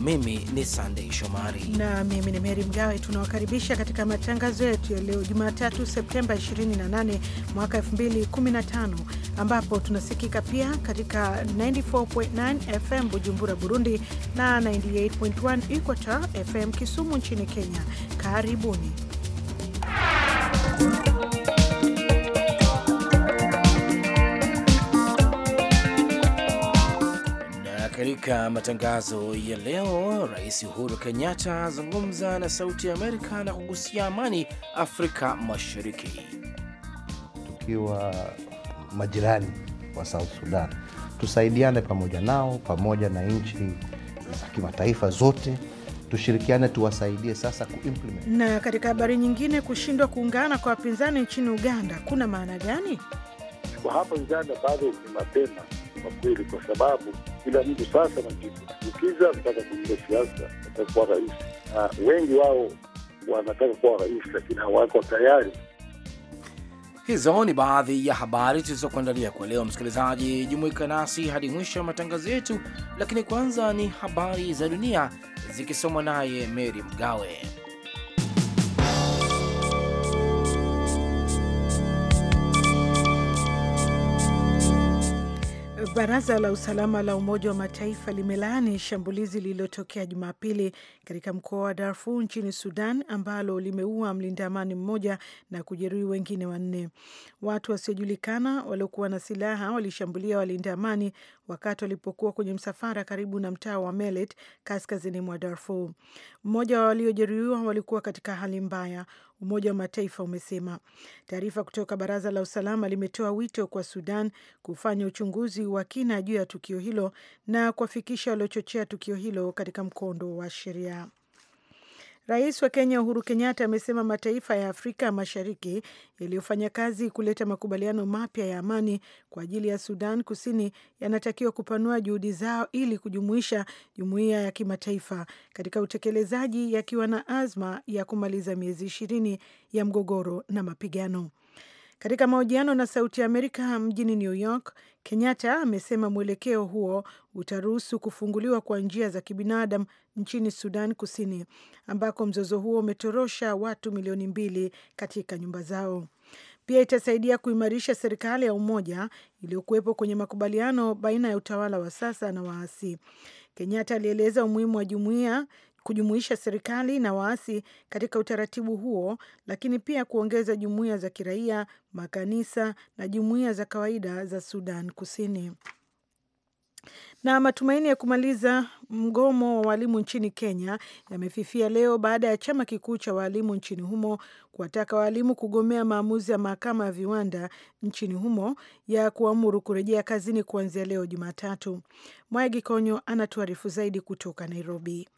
Mimi ni Sandei Shomari na mimi ni Meri Mgawe. Tunawakaribisha katika matangazo yetu ya leo Jumatatu, Septemba 28 mwaka 2015, ambapo tunasikika pia katika 94.9 FM Bujumbura, Burundi na 98.1 Equator FM Kisumu nchini Kenya. Karibuni Katika matangazo ya leo, Rais Uhuru Kenyatta azungumza na Sauti ya Amerika na kugusia amani Afrika Mashariki. Tukiwa majirani wa South Sudan, tusaidiane pamoja nao, pamoja na nchi za kimataifa zote tushirikiane tuwasaidie sasa kuimplement. Na katika habari nyingine, kushindwa kuungana kwa wapinzani nchini Uganda kuna maana gani? Kwa hapa Uganda bado ni mapema kwa kweli, kwa sababu kila mtu sasa nakiukiza kutaka kuingia siasa, nataka kuwa rais, na wengi wao wanataka kuwa rais, lakini hawako tayari. Hizo ni baadhi ya habari tulizokuandalia kwa leo. Msikilizaji, jumuika nasi hadi mwisho ya matangazo yetu, lakini kwanza ni habari za dunia zikisomwa naye Meri Mgawe. Baraza la usalama la Umoja wa Mataifa limelaani shambulizi lililotokea Jumapili katika mkoa wa Darfur nchini Sudan, ambalo limeua mlinda amani mmoja na kujeruhi wengine wanne. Watu wasiojulikana waliokuwa na silaha walishambulia walinda amani wakati walipokuwa kwenye msafara karibu na mtaa wa Melet, kaskazini mwa Darfur. Mmoja wa waliojeruhiwa walikuwa katika hali mbaya, Umoja wa Mataifa umesema. Taarifa kutoka Baraza la Usalama limetoa wito kwa Sudan kufanya uchunguzi wa kina juu ya tukio hilo na kuwafikisha waliochochea tukio hilo katika mkondo wa sheria. Rais wa Kenya Uhuru Kenyatta amesema mataifa ya Afrika Mashariki yaliyofanya kazi kuleta makubaliano mapya ya amani kwa ajili ya Sudan Kusini yanatakiwa kupanua juhudi zao ili kujumuisha jumuiya ya kimataifa katika utekelezaji, yakiwa na azma ya kumaliza miezi ishirini ya mgogoro na mapigano. Katika mahojiano na Sauti ya Amerika mjini New York, Kenyatta amesema mwelekeo huo utaruhusu kufunguliwa kwa njia za kibinadamu nchini Sudan Kusini, ambako mzozo huo umetorosha watu milioni mbili katika nyumba zao. Pia itasaidia kuimarisha serikali ya umoja iliyokuwepo kwenye makubaliano baina ya utawala wa sasa na waasi. Kenyatta alieleza umuhimu wa jumuiya kujumuisha serikali na waasi katika utaratibu huo, lakini pia kuongeza jumuiya za kiraia, makanisa na jumuiya za kawaida za Sudan Kusini. Na matumaini ya kumaliza mgomo wa walimu nchini Kenya yamefifia leo baada ya chama kikuu cha walimu nchini humo kuwataka walimu kugomea maamuzi ya mahakama ya viwanda nchini humo ya kuamuru kurejea kazini kuanzia leo Jumatatu. Mwagi Konyo anatuarifu zaidi kutoka Nairobi.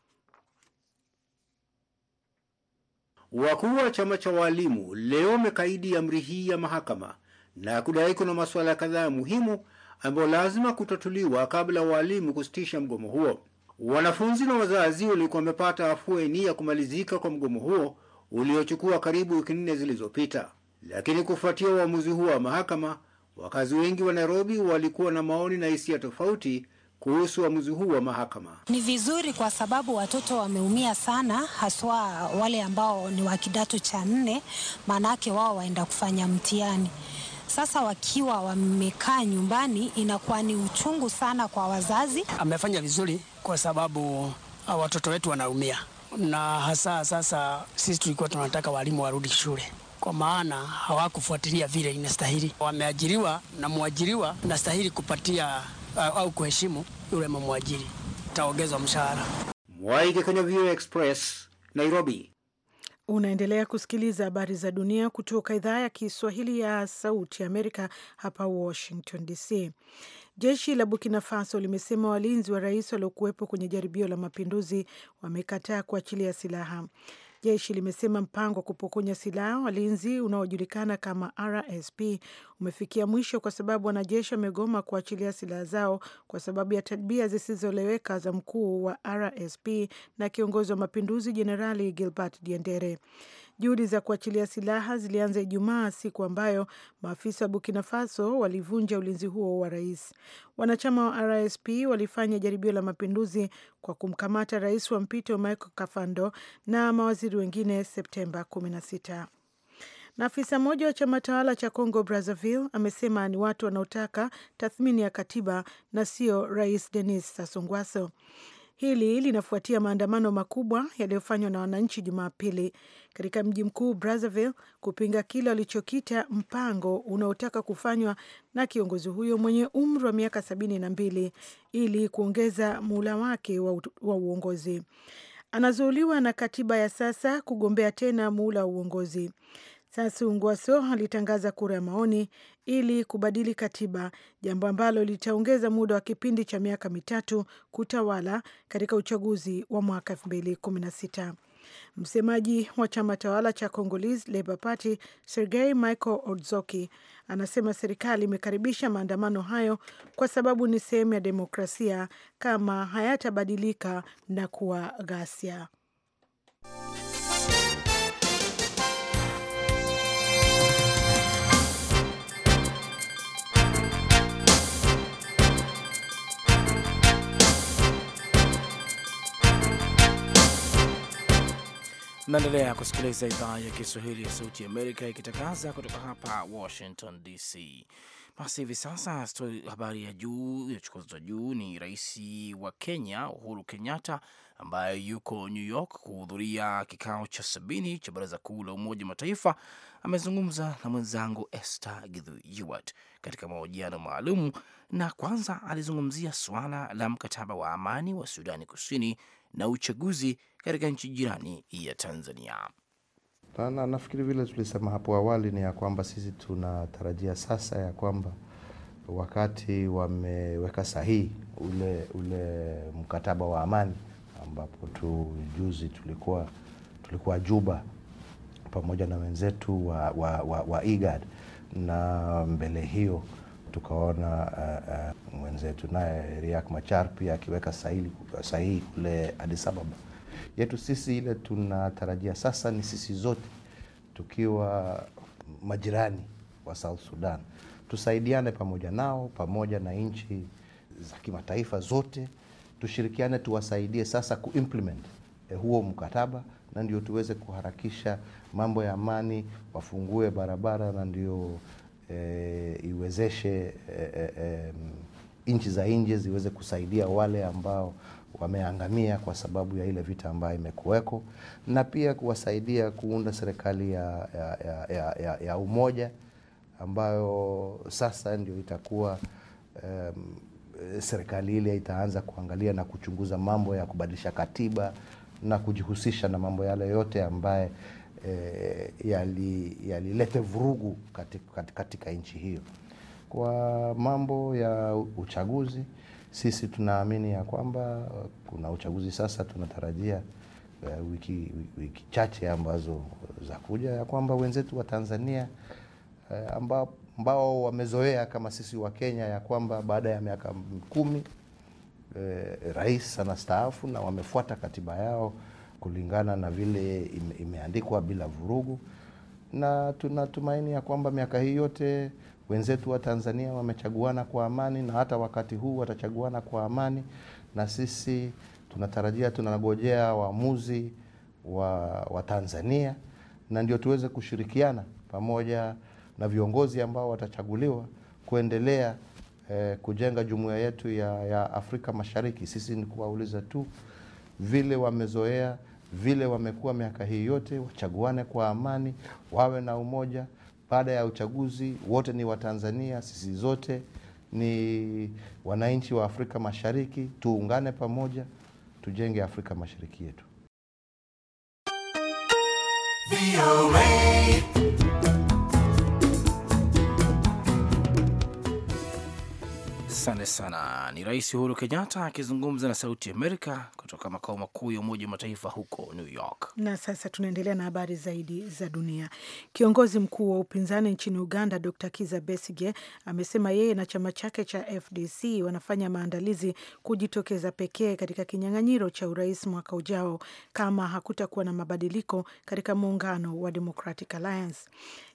Wakuu wa chama cha waalimu leo wamekaidi amri hii ya mahakama na kudai kuna masuala kadhaa muhimu ambayo lazima kutatuliwa kabla waalimu kusitisha mgomo huo. Wanafunzi na wazazi walikuwa wamepata afueni ya kumalizika kwa mgomo huo uliochukua karibu wiki nne zilizopita, lakini kufuatia uamuzi huo wa mahakama, wakazi wengi wa Nairobi walikuwa na maoni na hisia tofauti kuhusu uamuzi huu wa mahakama. Ni vizuri kwa sababu watoto wameumia sana, haswa wale ambao ni wa kidato cha nne, maanake wao waenda kufanya mtihani. Sasa wakiwa wamekaa nyumbani, inakuwa ni uchungu sana kwa wazazi. Amefanya vizuri kwa sababu ah, watoto wetu wanaumia, na hasa sasa sisi tulikuwa tunataka walimu warudi shule kwa maana hawakufuatilia vile inastahili. Wameajiriwa na mwajiriwa nastahili kupatia au kuheshimu yule mamwajiri, taongezwa mshahara. Mwaige kwenye VOA Express, Nairobi. Unaendelea kusikiliza habari za dunia kutoka idhaa ya Kiswahili ya Sauti Amerika, hapa Washington DC. Jeshi la Burkina Faso limesema walinzi wa rais waliokuwepo kwenye jaribio la mapinduzi wamekataa kuachilia silaha. Jeshi limesema mpango wa kupokonya silaha walinzi unaojulikana kama RSP umefikia mwisho kwa sababu wanajeshi wamegoma kuachilia silaha zao kwa sababu ya tabia zisizoeleweka za mkuu wa RSP na kiongozi wa mapinduzi Jenerali Gilbert Diendere. Juhudi za kuachilia silaha zilianza Ijumaa, siku ambayo maafisa wa Burkina Faso walivunja ulinzi huo wa rais. Wanachama wa RSP walifanya jaribio la mapinduzi kwa kumkamata rais wa mpito Michael Kafando na mawaziri wengine Septemba 16. Na afisa mmoja wa chama tawala cha Congo Brazzaville amesema ni watu wanaotaka tathmini ya katiba na sio Rais Denis Sassou Nguesso. Hili linafuatia maandamano makubwa yaliyofanywa na wananchi Jumapili katika mji mkuu Brazzaville kupinga kile walichokita mpango unaotaka kufanywa na kiongozi huyo mwenye umri wa miaka sabini na mbili ili kuongeza muhula wake wa, wa uongozi. Anazuuliwa na katiba ya sasa kugombea tena muhula wa uongozi. Sasungwaso alitangaza kura ya maoni ili kubadili katiba, jambo ambalo litaongeza muda wa kipindi cha miaka mitatu kutawala katika uchaguzi wa mwaka 2016. Msemaji wa chama tawala cha Congolese Labour Party Sergei Michael Odzoki anasema serikali imekaribisha maandamano hayo kwa sababu ni sehemu ya demokrasia kama hayatabadilika na kuwa ghasia. Naendelea kusikiliza idhaa ya Kiswahili ya Sauti Amerika ikitangaza kutoka hapa Washington DC. Basi hivi sasa story, habari ya juu ya chukozo za juu ni rais wa Kenya Uhuru Kenyatta ambaye yuko New York kuhudhuria kikao cha sabini cha Baraza Kuu la Umoja wa Mataifa. Amezungumza na mwenzangu Esther Githuiwat katika mahojiano maalum, na kwanza alizungumzia suala la mkataba wa amani wa Sudani Kusini na uchaguzi katika nchi jirani ya Tanzania. Na nafikiri vile tulisema hapo awali ni ya kwamba sisi tunatarajia sasa ya kwamba wakati wameweka sahihi ule, ule mkataba wa amani ambapo tu juzi tulikuwa, tulikuwa Juba pamoja na wenzetu wa, wa, wa, wa IGAD na mbele hiyo tukaona uh, uh, mwenzetu naye Riak Machar pia akiweka sahihi kule Addis Ababa yetu sisi. Ile tunatarajia sasa ni sisi zote tukiwa majirani wa South Sudan tusaidiane pamoja nao, pamoja na nchi za kimataifa zote, tushirikiane, tuwasaidie sasa kuimplement eh, huo mkataba na ndio tuweze kuharakisha mambo ya amani, wafungue barabara na ndio eh, iwezeshe eh, eh, nchi za nje ziweze kusaidia wale ambao wameangamia kwa sababu ya ile vita ambayo imekuweko, na pia kuwasaidia kuunda serikali ya, ya, ya, ya, ya umoja ambayo sasa ndio itakuwa um, serikali ile itaanza kuangalia na kuchunguza mambo ya kubadilisha katiba na kujihusisha na mambo yale yote ambaye e, yalilete yali vurugu katika, katika nchi hiyo. Kwa mambo ya uchaguzi, sisi tunaamini ya kwamba uh, kuna uchaguzi sasa, tunatarajia uh, wiki, wiki chache ambazo za kuja ya kwamba wenzetu wa Tanzania uh, ambao, wamezoea kama sisi wa Kenya ya kwamba baada ya miaka kumi uh, rais anastaafu na wamefuata katiba yao kulingana na vile ime, imeandikwa bila vurugu, na tunatumaini ya kwamba miaka hii yote wenzetu wa Tanzania wamechaguana kwa amani na hata wakati huu watachaguana kwa amani, na sisi tunatarajia, tunangojea waamuzi wa, wa Tanzania na ndio tuweze kushirikiana pamoja na viongozi ambao watachaguliwa kuendelea eh, kujenga jumuiya yetu ya, ya Afrika Mashariki. Sisi ni kuwauliza tu vile wamezoea vile wamekuwa miaka hii yote, wachaguane kwa amani, wawe na umoja. Baada ya uchaguzi, wote ni Watanzania, sisi zote ni wananchi wa Afrika Mashariki. Tuungane pamoja, tujenge Afrika Mashariki yetu. Asante sana. Ni Rais Uhuru Kenyatta akizungumza na Sauti Amerika kutoka makao makuu ya Umoja wa Mataifa huko New York. Na sasa tunaendelea na habari zaidi za dunia. Kiongozi mkuu wa upinzani nchini Uganda, Dr Kiza Besige, amesema yeye na chama chake cha FDC wanafanya maandalizi kujitokeza pekee katika kinyang'anyiro cha urais mwaka ujao kama hakutakuwa na mabadiliko katika muungano wa Democratic Alliance.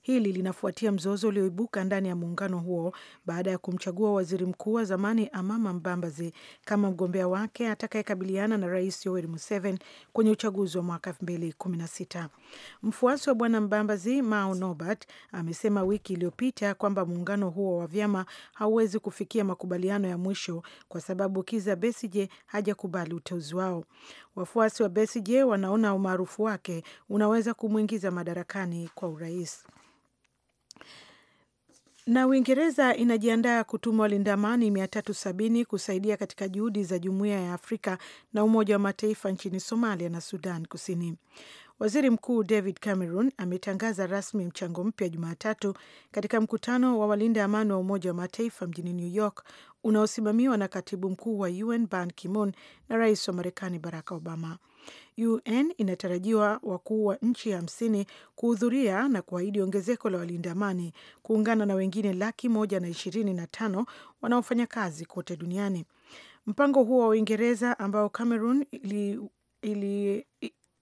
Hili linafuatia mzozo ulioibuka ndani ya muungano huo baada ya kumchagua waziri mkuu wa zamani Amama mbambazi kama mgombea wake atakayekabiliana na Rais Yoweri Museveni kwenye uchaguzi wa mwaka 2016. Mfuasi wa Bwana Mbambazi, Mao Nobert, amesema wiki iliyopita kwamba muungano huo wa vyama hauwezi kufikia makubaliano ya mwisho kwa sababu Kiza Besije hajakubali uteuzi wao. Wafuasi wa Besije wanaona umaarufu wake unaweza kumwingiza madarakani kwa urais. Na Uingereza inajiandaa kutuma walinda amani mia tatu sabini kusaidia katika juhudi za Jumuiya ya Afrika na Umoja wa Mataifa nchini Somalia na Sudan Kusini. Waziri Mkuu David Cameron ametangaza rasmi mchango mpya Jumatatu katika mkutano wa walinda amani wa Umoja wa Mataifa mjini New York unaosimamiwa na katibu mkuu wa UN Ban Ki-moon na rais wa Marekani Barack Obama. UN inatarajiwa wakuu wa nchi hamsini kuhudhuria na kuahidi ongezeko la walinda amani kuungana na wengine laki moja na ishirini na tano wanaofanya kazi kote duniani. Mpango huo wa Uingereza ambao Cameroon ili, ili,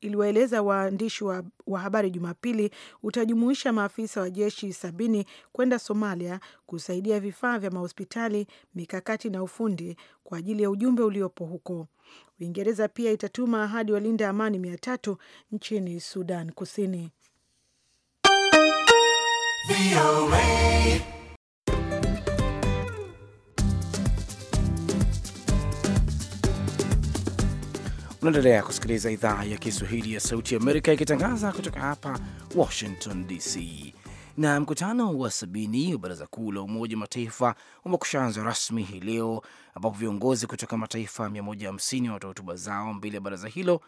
iliwaeleza waandishi wa, wa habari Jumapili utajumuisha maafisa wa jeshi sabini kwenda Somalia kusaidia vifaa vya mahospitali, mikakati na ufundi kwa ajili ya ujumbe uliopo huko. Uingereza pia itatuma ahadi walinda amani mia tatu nchini Sudan Kusini. Unaendelea kusikiliza idhaa ya Kiswahili ya Sauti ya Amerika ikitangaza kutoka hapa Washington DC. Na mkutano wa sabini wa baraza kuu la Umoja wa Mataifa umekushaanza rasmi hii leo, ambapo viongozi kutoka mataifa 150 watoa hotuba zao mbele ya baraza hilo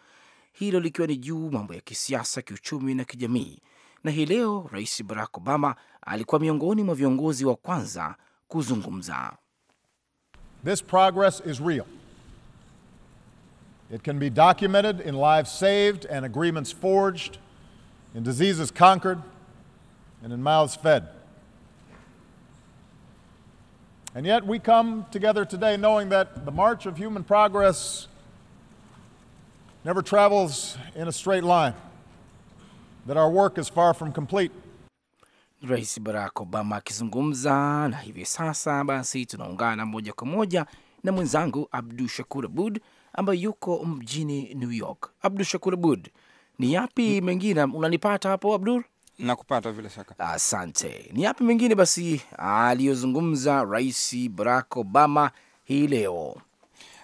hilo likiwa ni juu mambo ya kisiasa, kiuchumi na kijamii. Na hii leo Rais Barack Obama alikuwa miongoni mwa viongozi wa kwanza kuzungumza. This progress is real. It can be documented in lives saved and agreements forged, in diseases conquered and in mouths fed. And yet we come together today knowing that the march of human progress never travels in a straight line, that our work is far from complete. Rais Barack Obama akizungumza. Na hivi sasa basi tunaungana moja kwa moja na mwenzangu Abdu Shakur Abud ambaye yuko mjini New York. Abdu Shakur Abud, ni yapi mengine unanipata hapo Nakupata vile shaka, asante. Ni yapi mengine basi ah, aliyozungumza Rais Barack Obama hii leo?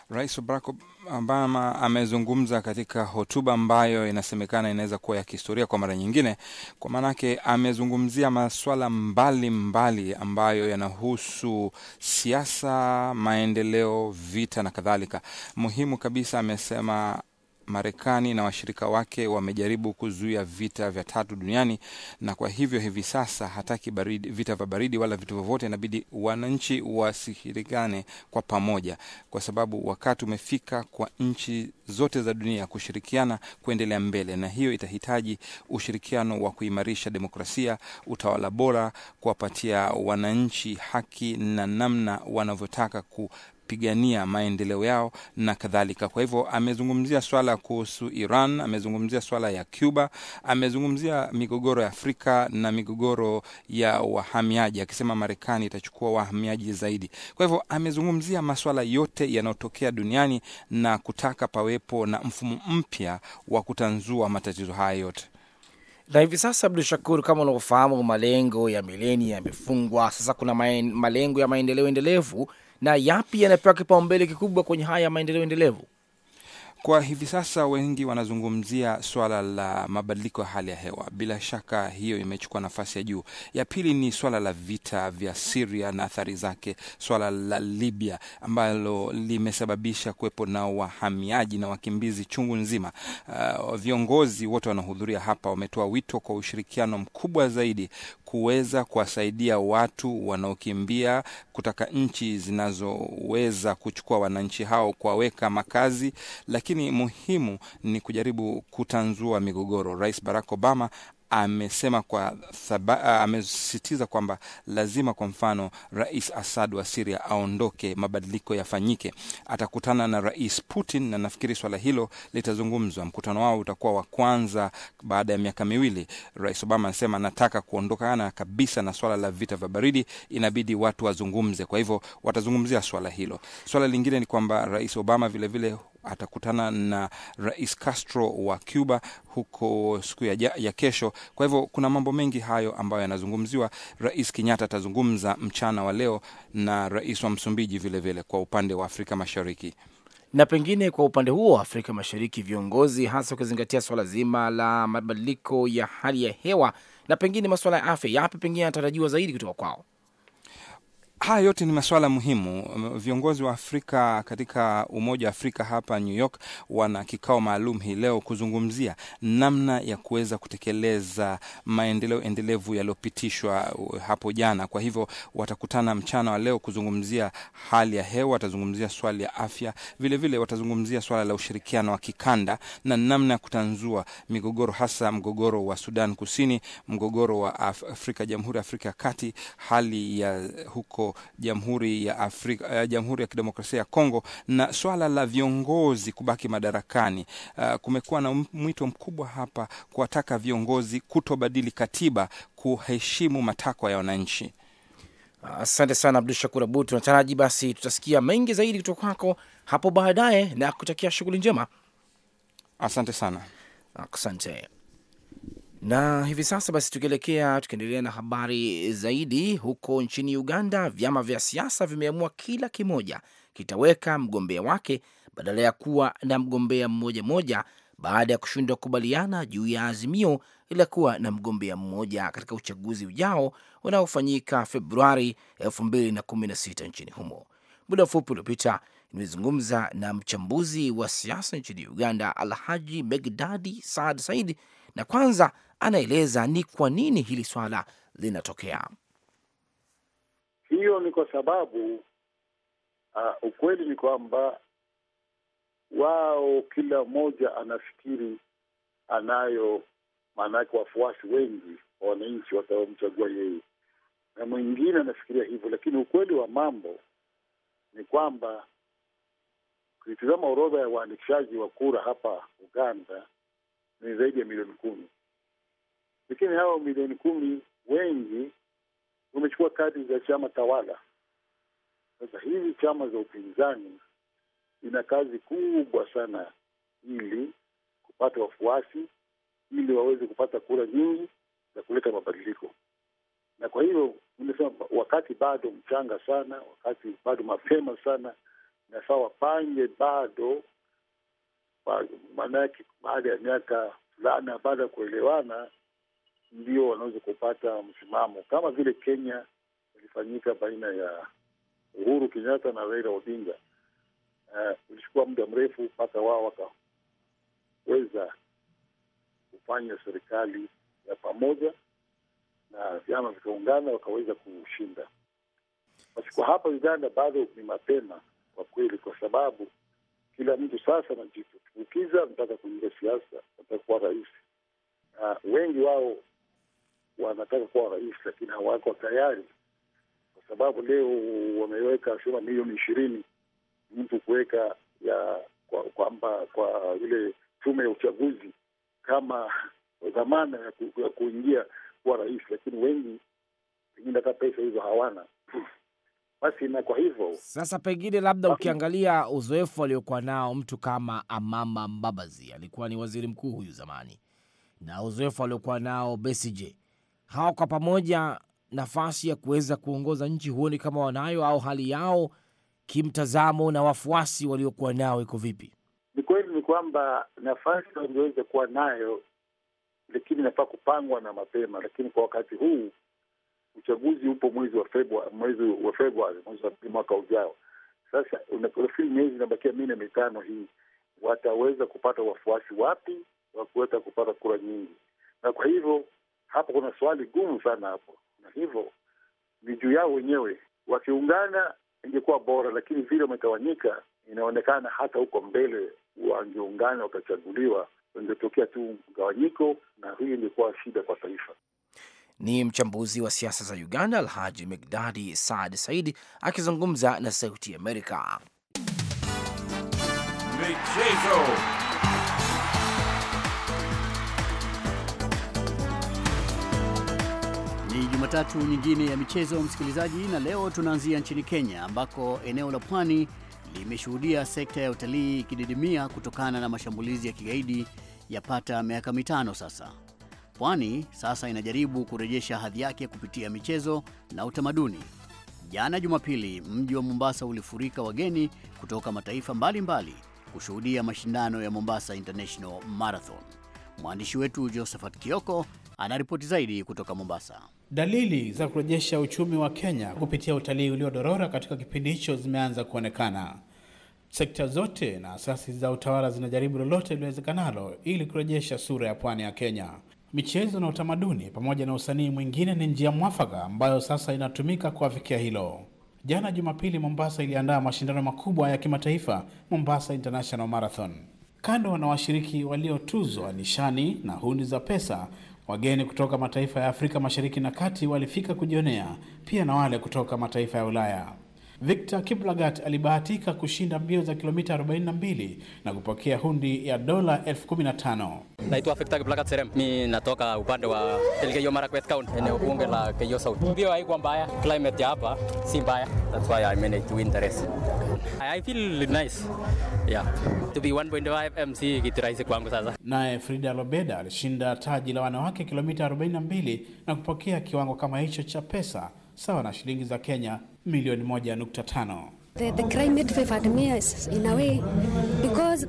Rais Barack Obama amezungumza katika hotuba ambayo inasemekana inaweza kuwa ya kihistoria kwa mara nyingine, kwa maanake amezungumzia masuala mbalimbali ambayo yanahusu siasa, maendeleo, vita na kadhalika. Muhimu kabisa, amesema Marekani na washirika wake wamejaribu kuzuia vita vya tatu duniani, na kwa hivyo hivi sasa hataki baridi, vita vya baridi wala vitu vyovyote. Inabidi wananchi wasishirikane kwa pamoja, kwa sababu wakati umefika kwa nchi zote za dunia kushirikiana kuendelea mbele, na hiyo itahitaji ushirikiano wa kuimarisha demokrasia, utawala bora, kuwapatia wananchi haki na namna wanavyotaka ku kupigania maendeleo yao na kadhalika. Kwa hivyo amezungumzia swala kuhusu Iran, amezungumzia swala ya Cuba, amezungumzia migogoro ya Afrika na migogoro ya wahamiaji, akisema Marekani itachukua wahamiaji zaidi. Kwa hivyo amezungumzia maswala yote yanayotokea duniani na kutaka pawepo na mfumo mpya wa kutanzua matatizo haya yote na hivi sasa, Abdu Shakur, kama unavyofahamu, malengo ya milenia yamefungwa. Sasa kuna maen, malengo ya maendeleo endelevu na yapi yanapewa kipaumbele kikubwa kwenye haya ya maendeleo endelevu? Kwa hivi sasa wengi wanazungumzia swala la mabadiliko ya hali ya hewa. Bila shaka hiyo imechukua nafasi ya juu. Ya pili ni swala la vita vya siria na athari zake, swala la Libya ambalo limesababisha kuwepo na wahamiaji na wakimbizi chungu nzima. Uh, viongozi wote wanaohudhuria hapa wametoa wito kwa ushirikiano mkubwa zaidi kuweza kuwasaidia watu wanaokimbia kutoka nchi zinazoweza kuchukua wananchi hao kuwaweka makazi, lakini muhimu ni kujaribu kutanzua migogoro. Rais Barack Obama amesema kwa thaba, amesisitiza kwamba lazima kwa mfano Rais Assad wa Syria aondoke, mabadiliko yafanyike. Atakutana na Rais Putin na nafikiri swala hilo litazungumzwa. Mkutano wao utakuwa wa kwanza baada ya miaka miwili. Rais Obama anasema anataka kuondokana kabisa na swala la vita vya baridi, inabidi watu wazungumze. Kwa hivyo watazungumzia swala hilo. Swala lingine ni kwamba Rais Obama vilevile vile atakutana na Rais Castro wa Cuba huko siku ya, ya kesho. Kwa hivyo kuna mambo mengi hayo ambayo yanazungumziwa. Rais Kenyatta atazungumza mchana wa leo na rais wa Msumbiji vilevile vile, kwa upande wa Afrika Mashariki na pengine kwa upande huo wa Afrika Mashariki, viongozi hasa ukizingatia swala zima la mabadiliko ya hali ya hewa na pengine masuala ya afya, yapi pengine yanatarajiwa zaidi kutoka kwao? Haya yote ni masuala muhimu. Um, viongozi wa Afrika katika Umoja wa Afrika hapa New York wana kikao maalum hii leo kuzungumzia namna ya kuweza kutekeleza maendeleo endelevu yaliyopitishwa uh, hapo jana. Kwa hivyo watakutana mchana wa leo kuzungumzia hali ya hewa, watazungumzia swali ya afya, vilevile vile watazungumzia swala la ushirikiano wa kikanda na namna ya kutanzua migogoro, hasa mgogoro wa Sudan Kusini, mgogoro wa Afrika, Jamhuri ya Afrika ya Kati, hali ya huko Jamhuri ya Afrika, eh, Jamhuri ya Kidemokrasia ya Kongo na swala la viongozi kubaki madarakani. Uh, kumekuwa na mwito mkubwa hapa kuwataka viongozi kutobadili katiba, kuheshimu matakwa ya wananchi. Asante sana Abdu Shakur Abud, tunataraji basi tutasikia mengi zaidi kutoka kwako hapo baadaye na kutakia shughuli njema. Asante sana, asante. Na hivi sasa basi, tukielekea tukiendelea na habari zaidi, huko nchini Uganda vyama vya siasa vimeamua kila kimoja kitaweka mgombea wake badala ya kuwa na mgombea mmoja mmoja baada ya kushindwa kukubaliana juu ya azimio la kuwa na mgombea mmoja katika uchaguzi ujao unaofanyika Februari 2016 nchini humo. Muda mfupi uliopita nimezungumza na mchambuzi wa siasa nchini Uganda, Alhaji Megdadi Saad Said, na kwanza anaeleza ni kwa nini hili swala linatokea. Hiyo ni kwa sababu uh, ukweli ni kwamba wao kila mmoja anafikiri anayo maana wafuasi wengi wa wananchi watawamchagua yeye, na mwingine anafikiria hivyo, lakini ukweli wa mambo ni kwamba kuitizama orodha ya waandikishaji wa kura hapa Uganda ni zaidi ya milioni kumi. Lakini hao milioni kumi wengi wamechukua kadi za chama tawala. Sasa hizi chama za upinzani ina kazi kubwa sana ili kupata wafuasi, ili waweze kupata kura nyingi za kuleta mabadiliko. Na kwa hiyo nimesema wakati bado mchanga sana, wakati bado mapema sana, nafaa wapange bado, maanake baada ya miaka fulani, baada ya kuelewana ndio wanaweza kupata msimamo, kama vile Kenya ilifanyika baina ya Uhuru Kenyatta na Raila Odinga. Uh, ilichukua muda mrefu mpaka wao wakaweza kufanya serikali ya pamoja na vyama vikaungana wakaweza kushinda. Basi kwa hapa Uganda bado ni mapema kwa kweli, kwa sababu kila mtu sasa anajitukiza, nataka kuingia siasa, anataka kuwa rais. Uh, wengi wao wanataka kuwa rais, lakini hawako tayari, kwa sababu leo wameweka sema milioni ishirini mtu kuweka ya kwamba kwa, kwa ile tume ya uchaguzi kama dhamana ya, ku, ya kuingia kuwa rais, lakini wengi pengine hata pesa hizo hawana basi na kwa hivyo sasa, pengine labda ukiangalia uzoefu aliokuwa nao mtu kama Amama Mbabazi, alikuwa ni waziri mkuu huyu zamani, na uzoefu aliokuwa nao Besigye hawa kwa pamoja nafasi ya kuweza kuongoza nchi huoni kama wanayo, au hali yao kimtazamo na wafuasi waliokuwa nao iko vipi? Ni kweli ni kwamba nafasi wangeweza kuwa nayo, lakini inafaa kupangwa na mapema. Lakini kwa wakati huu uchaguzi upo mwezi wa Februari, mwezi wa Februari, mwezi wa pili mwaka ujao. Sasa unafikiri miezi inabakia minne mitano hii, wataweza kupata wafuasi wapi wa kuweza kupata kura nyingi? Na kwa hivyo hapo kuna swali gumu sana hapo, na hivyo ni juu yao wenyewe. Wakiungana ingekuwa bora, lakini vile wametawanyika, inaonekana hata huko mbele wangeungana wakachaguliwa, wangetokea tu mgawanyiko, na hii ingekuwa shida kwa taifa. Ni mchambuzi wa siasa za Uganda, Alhaji Migdadi Saad Saidi akizungumza na Sauti Amerika. Michezo. Ni Jumatatu nyingine ya michezo, msikilizaji, na leo tunaanzia nchini Kenya ambako eneo la pwani limeshuhudia sekta ya utalii ikididimia kutokana na mashambulizi ya kigaidi yapata miaka mitano sasa. Pwani sasa inajaribu kurejesha hadhi yake kupitia michezo na utamaduni. Jana Jumapili, mji wa Mombasa ulifurika wageni kutoka mataifa mbalimbali mbali kushuhudia mashindano ya Mombasa International Marathon. Mwandishi wetu Josephat Kioko anaripoti zaidi kutoka Mombasa. Dalili za kurejesha uchumi wa Kenya kupitia utalii uliodorora katika kipindi hicho zimeanza kuonekana. Sekta zote na asasi za utawala zinajaribu lolote liwezekanalo ili kurejesha sura ya pwani ya Kenya. Michezo na utamaduni pamoja na usanii mwingine ni njia mwafaka ambayo sasa inatumika kuafikia hilo. Jana Jumapili, Mombasa iliandaa mashindano makubwa ya kimataifa, Mombasa International Marathon. Kando na washiriki waliotuzwa nishani na hundi za pesa, Wageni kutoka mataifa ya Afrika Mashariki na Kati walifika kujionea, pia na wale kutoka mataifa ya Ulaya. Victor Kiplagat alibahatika kushinda mbio za kilomita 42 na kupokea hundi ya dola elfu Naitwa Victor Kiplagat Serem. Mimi natoka upande wa Elgeyo Marakwet County, eneo bunge la Keyo South. Mbio haikuwa mbaya, climate ya hapa si mbaya. That's why I managed to win the race. I feel nice. Yeah. To be 1.5 MC kitiraisi kwangu sasa. Naye Frida Lobeda alishinda taji la wanawake kilomita 42 na kupokea kiwango kama hicho cha pesa sawa na shilingi za Kenya milioni 1.5. The, the crime rate favored me is in a way because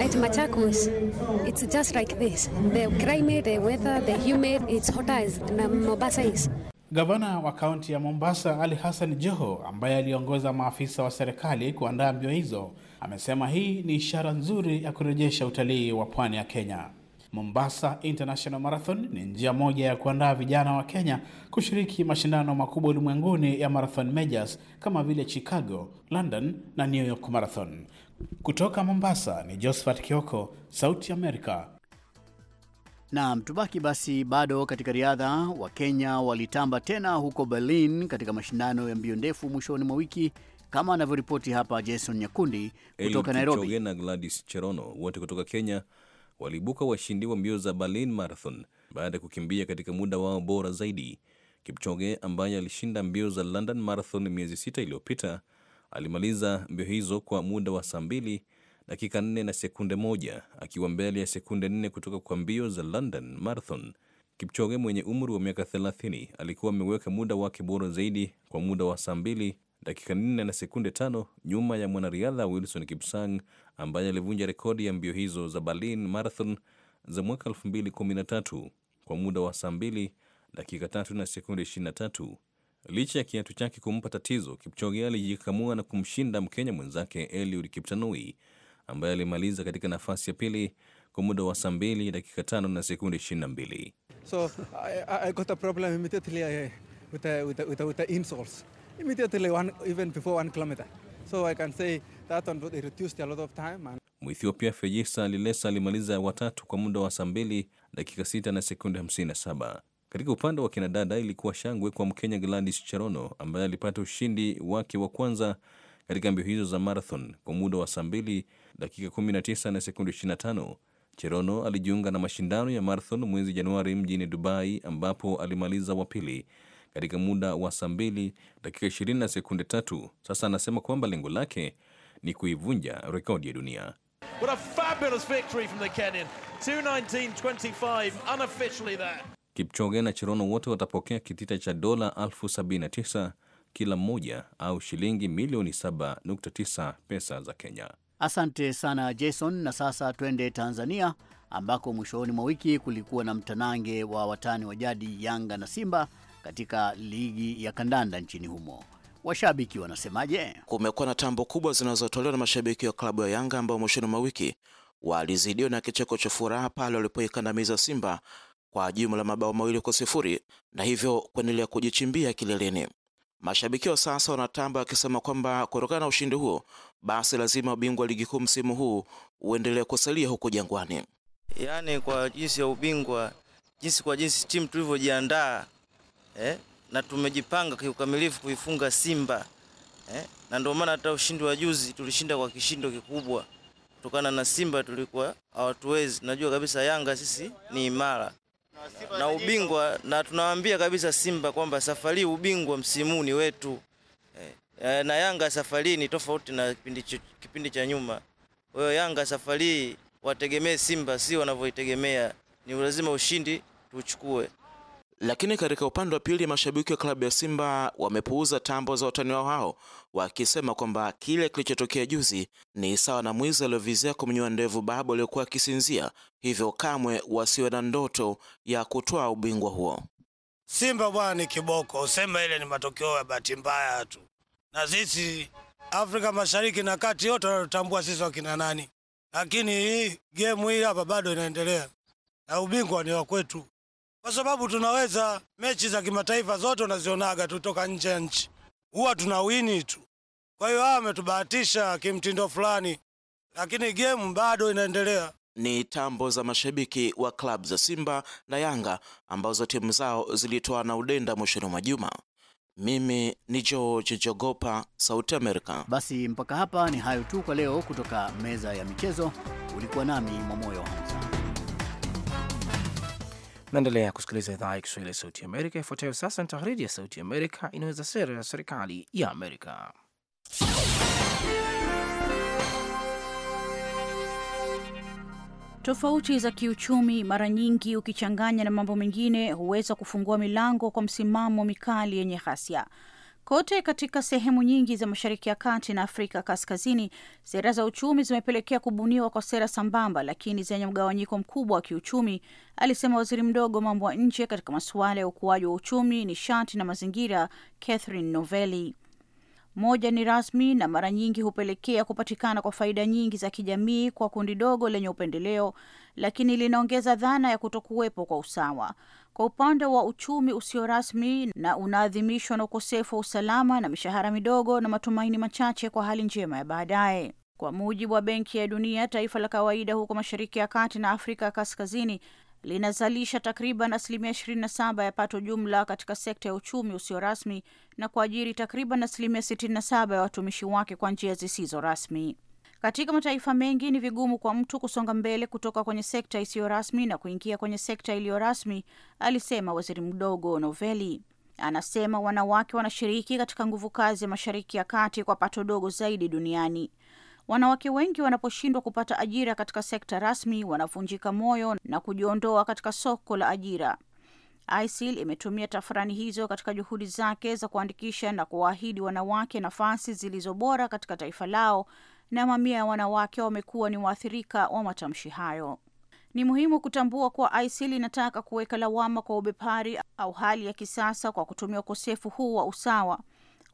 at Machakos it's just like this. The crime rate, the weather, the humid, it's hotter as Mombasa is. Gavana wa kaunti ya Mombasa Ali Hassan Joho ambaye aliongoza maafisa wa serikali kuandaa mbio hizo amesema hii ni ishara nzuri ya kurejesha utalii wa pwani ya Kenya. Mombasa International Marathon ni njia moja ya kuandaa vijana wa Kenya kushiriki mashindano makubwa ulimwenguni ya marathon majors kama vile Chicago, London na New York Marathon. Kutoka Mombasa ni Josephat Kioko, Sauti america Naam, tubaki basi bado katika riadha. Wakenya walitamba tena huko Berlin katika mashindano ya mbio ndefu mwishoni mwa wiki kama anavyoripoti hapa Jason Nyakundi kutoka Nairobi. Gladys Cherono wote kutoka Kenya waliibuka washindi wa mbio za Berlin Marathon baada ya kukimbia katika muda wao bora zaidi. Kipchoge ambaye alishinda mbio za London Marathon miezi sita iliyopita alimaliza mbio hizo kwa muda wa saa mbili dakika nne na sekunde moja akiwa mbele ya sekunde nne kutoka kwa mbio za London Marathon. Kipchoge mwenye umri wa miaka 30 alikuwa ameweka muda wake bora zaidi kwa muda wa saa mbili dakika 4 na sekunde tano nyuma ya mwanariadha Wilson Kipsang ambaye alivunja rekodi ya mbio hizo za Berlin Marathon za mwaka 2013 kwa muda wa saa 2 dakika 3 na sekunde 23. Licha ya kiatu chake kumpa tatizo, Kipchoge alijikamua na kumshinda Mkenya mwenzake Eliud Kiptanui ambaye alimaliza katika nafasi ya pili kwa muda wa saa 2 dakika tano na sekunde 22. So, I, I got a problem immediately with the, with the, with the insoles immediately one, even before one kilometer. So I can say that one they reduced a lot of time. And... Mwethiopia Fejisa Lilesa alimaliza watatu kwa muda wa saa mbili dakika sita na sekunde saba. Katika upande wa kinadada ilikuwa shangwe kwa Mkenya Gladys Cherono ambaye alipata ushindi wake wa kwanza katika mbio hizo za marathon kwa muda wa saa mbili dakika 19 na sekunde 25. Cherono alijiunga na mashindano ya marathon mwezi Januari mjini Dubai ambapo alimaliza wa pili katika muda wa saa mbili dakika ishirini na sekunde tatu. Sasa anasema kwamba lengo lake ni kuivunja rekodi ya dunia. Kipchoge na Cherono wote watapokea kitita cha dola elfu sabini na tisa kila mmoja au shilingi milioni 7.9 pesa za Kenya. Asante sana Jason, na sasa twende Tanzania ambako mwishoni mwa wiki kulikuwa na mtanange wa watani wa jadi Yanga na Simba katika ligi ya kandanda nchini humo. Washabiki wanasemaje? Kumekuwa na tambo kubwa zinazotolewa na mashabiki wa klabu ya Yanga ambao mwishoni mwa wiki walizidiwa na kicheko cha furaha pale walipoikandamiza Simba kwa jumla mabao mawili kwa sifuri na hivyo kuendelea kujichimbia kileleni. Mashabiki wa sasa wanatamba wakisema kwamba kutokana na ushindi huo, basi lazima ubingwa wa ligi kuu msimu huu uendelee kusalia huko Jangwani. Yaani kwa jinsi ya ubingwa, jinsi kwa jinsi timu tulivyojiandaa eh, na tumejipanga kiukamilifu kuifunga Simba eh, na ndio maana hata ushindi wa juzi tulishinda kwa kishindo kikubwa kutokana na Simba tulikuwa hawatuwezi. Najua kabisa Yanga sisi ni imara na ubingwa, na tunawaambia kabisa Simba kwamba safari ubingwa msimu ni wetu eh? eh, na Yanga safari ni tofauti na kipindi, kipindi cha nyuma. Kwa hiyo Yanga safari wategemee Simba si wanavyoitegemea, ni lazima ushindi tuchukue. Lakini katika upande wa pili, mashabiki wa klabu ya Simba wamepuuza tambo za watani wao hao, wakisema kwamba kile kilichotokea juzi ni sawa na mwizi aliovizia kumnyua ndevu babu aliyokuwa akisinzia, hivyo kamwe wasiwe na ndoto ya kutoa ubingwa huo. Simba bwana ni kiboko, usema ile ni matokeo ya bahati mbaya tu, na sisi Afrika Mashariki na Kati yote wanatutambua sisi wakina nani, lakini hii gemu hii hapa bado inaendelea na ubingwa ni wa kwetu kwa sababu tunaweza mechi za kimataifa zote unazionaga tutoka nje ya nchi, huwa tuna wini tu. Kwa hiyo hawa wametubahatisha kimtindo fulani, lakini gemu bado inaendelea. Ni tambo za mashabiki wa klabu za Simba na Yanga ambazo timu zao zilitoa na udenda mwishoni mwa juma. Mimi ni George Jogopa, Sauti Amerika. Basi mpaka hapa ni hayo tu kwa leo, kutoka meza ya michezo. Ulikuwa nami Mwamoyo Hamza. Naendelea kusikiliza idhaa ya Kiswahili ya Sauti Amerika. Ifuatayo sasa ni tahariri ya Sauti Amerika inaweza sera ya serikali ya Amerika. Tofauti za kiuchumi mara nyingi, ukichanganya na mambo mengine, huweza kufungua milango kwa msimamo mikali yenye ghasia. Kote katika sehemu nyingi za Mashariki ya Kati na Afrika Kaskazini, sera za uchumi zimepelekea kubuniwa kwa sera sambamba lakini zenye mgawanyiko mkubwa wa kiuchumi, alisema waziri mdogo mambo ya nje katika masuala ya ukuaji wa uchumi, nishati na mazingira, Catherine Novelli. Moja ni rasmi na mara nyingi hupelekea kupatikana kwa faida nyingi za kijamii kwa kundi dogo lenye upendeleo, lakini linaongeza dhana ya kutokuwepo kwa usawa. Kwa upande wa uchumi usio rasmi na unaadhimishwa na ukosefu wa usalama na mishahara midogo na matumaini machache kwa hali njema ya baadaye. Kwa mujibu wa Benki ya Dunia, taifa la kawaida huko Mashariki ya Kati na Afrika ya Kaskazini linazalisha takriban asilimia 27 ya pato jumla katika sekta ya uchumi usio rasmi na kuajiri takriban asilimia 67 ya watumishi wake kwa njia zisizo rasmi. Katika mataifa mengi ni vigumu kwa mtu kusonga mbele kutoka kwenye sekta isiyo rasmi na kuingia kwenye sekta iliyo rasmi, alisema waziri mdogo Noveli. Anasema wanawake wanashiriki katika nguvu kazi ya Mashariki ya Kati kwa pato dogo zaidi duniani. Wanawake wengi wanaposhindwa kupata ajira katika sekta rasmi wanavunjika moyo na kujiondoa katika soko la ajira. ISIL imetumia tafurani hizo katika juhudi zake za kuandikisha na kuwaahidi wanawake nafasi zilizo bora katika taifa lao na mamia ya wanawake wamekuwa ni waathirika wa matamshi hayo. Ni muhimu kutambua kuwa ISIL inataka kuweka lawama kwa ubepari au hali ya kisasa kwa kutumia ukosefu huu wa usawa.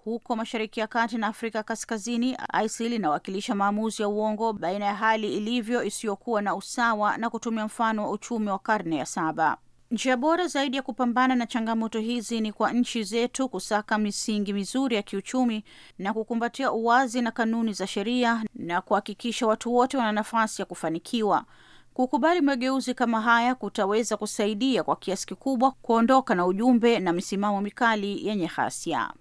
Huko Mashariki ya Kati na Afrika Kaskazini, ISIL inawakilisha maamuzi ya uongo baina ya hali ilivyo isiyokuwa na usawa na kutumia mfano wa uchumi wa karne ya saba. Njia bora zaidi ya kupambana na changamoto hizi ni kwa nchi zetu kusaka misingi mizuri ya kiuchumi na kukumbatia uwazi na kanuni za sheria na kuhakikisha watu wote wana nafasi ya kufanikiwa. Kukubali mageuzi kama haya kutaweza kusaidia kwa kiasi kikubwa kuondoka na ujumbe na misimamo mikali yenye hasia.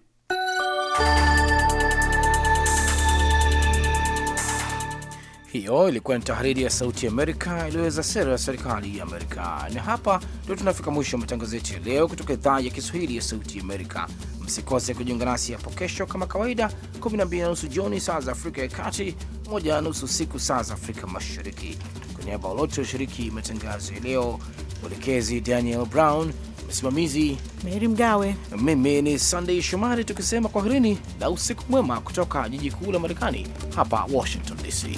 Hiyo ilikuwa ni tahariri ya Sauti Amerika iliyoweza sera ya serikali ya Amerika. Na hapa ndio tunafika mwisho wa matangazo yetu ya leo kutoka idhaa ya Kiswahili ya Sauti Amerika. Msikose kujiunga nasi hapo kesho kama kawaida, 12 na nusu jioni saa za Afrika ya Kati, moja na nusu usiku saa za Afrika Mashariki. Kwa niaba walote washiriki matangazo ya leo, mwelekezi Daniel Brown, msimamizi Meri Mgawe, mimi ni Sandey Shomari, tukisema kwaherini na usiku mwema kutoka jiji kuu la Marekani, hapa Washington DC.